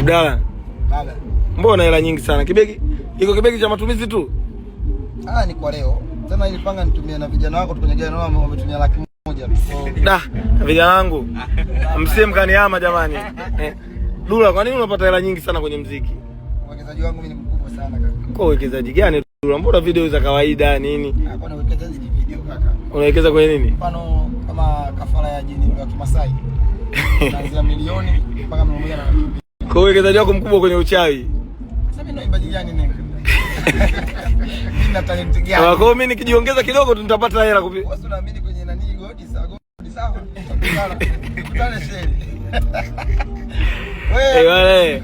Abdalla. Baba. Mbona hela nyingi sana? Kibegi iko kibegi cha matumizi tu. Ah, ni kwa leo. Tena nilipanga nitumie na vijana wako tukanyagia nao wametumia laki moja. Da, vijana wangu. Msie mkaniama jamani. Eh. Dula, kwa nini unapata hela nyingi sana kwenye muziki? Uwekezaji wangu mimi ni mkubwa sana kaka. Kwa uwekezaji gani? Dula, mbona video za kawaida nini? Ah, kwa uwekezaji ni video kaka. Unawekeza kwenye nini? Mfano kama kafara ya jini ya Kimasai. Kuanzia milioni mpaka milioni moja na kwa uwekezaji wako mkubwa kwenye uchawi. Kwa hiyo mimi nikijiongeza kidogo tu nitapata hela kupi. Wewe unaamini kwenye nani godi sawa? Godi sawa. Tukutane sheri. Wewe.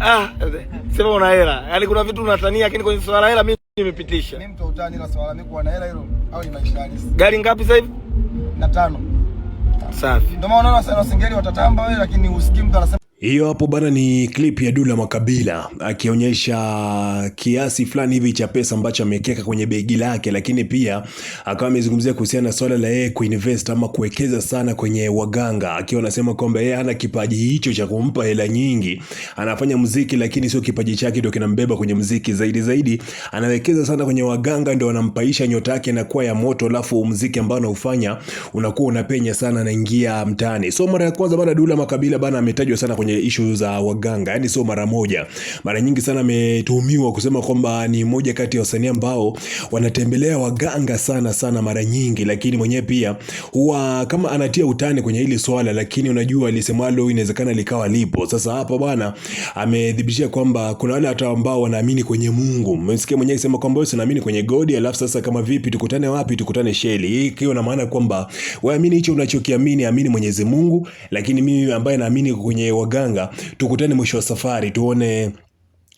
Ah, eh, sema una hela. Yaani kuna vitu unatania lakini kwenye swala hela mimi nimepitisha. Mimi mtu utani na swala mimi kuwa na hela hilo au ni maisha halisi. Gari ngapi sasa hivi? Na tano. Safi. Ndio maana unaona sana singeli watatamba wewe lakini usikii mtu anasema hiyo hapo bana ni klip ya Dula Makabila akionyesha kiasi fulani hivi cha pesa ambacho amekeka kwenye begi lake, lakini pia akawa amezungumzia kuhusiana na swala la yeye kuinvest ama kuwekeza sana kwenye waganga, akiwa anasema kwamba yeye hana kipaji hicho cha kumpa hela nyingi. Anafanya muziki, lakini sio kipaji chake ndio kinambeba kwenye muziki zaidi zaidi, anawekeza sana kwenye waganga, ndio anampaisha nyota yake na kuwa ya moto, alafu muziki ambao anaufanya unakuwa unapenya sana, anaingia mtaani. So mara ya kwanza bana Dula Makabila bana ametajwa sana kwenye kwenye ishu za waganga, yani sio mara moja. Mara nyingi sana ametuhumiwa kusema kwamba ni moja kati ya wasanii ambao wanatembelea waganga sana sana mara nyingi, lakini mwenyewe pia huwa kama anatia utani kwenye hili swala, lakini unajua alisemalo inawezekana likawa lipo. Sasa hapa bwana amedhibitisha kwamba kuna wale hata ambao wanaamini kwenye Mungu. Mmesikia mwenyewe akisema kwamba wewe unaamini kwenye God, alafu sasa kama vipi tukutane wapi? Tukutane sheli. Hii kio na maana kwamba waamini hicho unachokiamini, amini Mwenyezi Mungu, lakini mimi ambaye naamini kwenye waganga mganga, tukutane mwisho wa safari tuone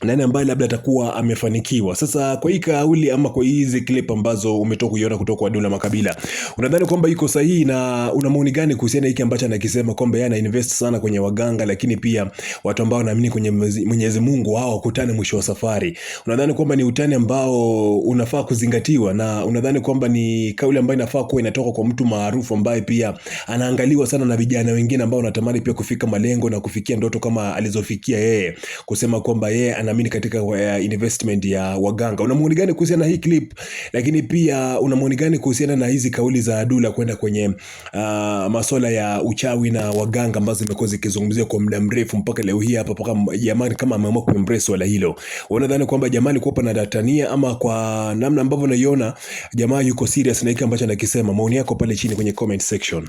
nani ambaye labda atakuwa amefanikiwa. Sasa kwa hii kauli ama kwa hizi clip ambazo umetoka kuiona kutoka kwa Dula Makabila, unadhani kwamba iko sahihi na una maoni gani kuhusiana hiki ambacho anakisema kwamba yeye anainvest sana kwenye waganga, lakini pia watu ambao wanaamini kwenye Mwenyezi Mungu hao wakutane mwisho wa safari? Unadhani kwamba ni utani ambao unafaa kuzingatiwa, na unadhani kwamba ni kauli ambayo inafaa kuwa inatoka kwa mtu maarufu ambaye pia anaangaliwa sana na vijana wengine ambao wanatamani pia kufika malengo na kufikia ndoto kama alizofikia yeye, kusema kwamba yeye ana wanaamini katika eh, investment ya waganga. Una maoni gani kuhusiana na hii clip? Lakini pia una maoni gani kuhusiana na hizi kauli za Dula kwenda kwenye uh, ah, masuala ya uchawi na waganga ambazo zimekuwa zikizungumziwa kwa muda mrefu mpaka leo hii hapa mpaka jamani kama ameamua kuembrace swala hilo. Unadhani kwamba jamani kuapa na datania ama kwa namna ambavyo naiona jamaa yuko serious na hiki ambacho anakisema? Maoni yako pale chini kwenye comment section.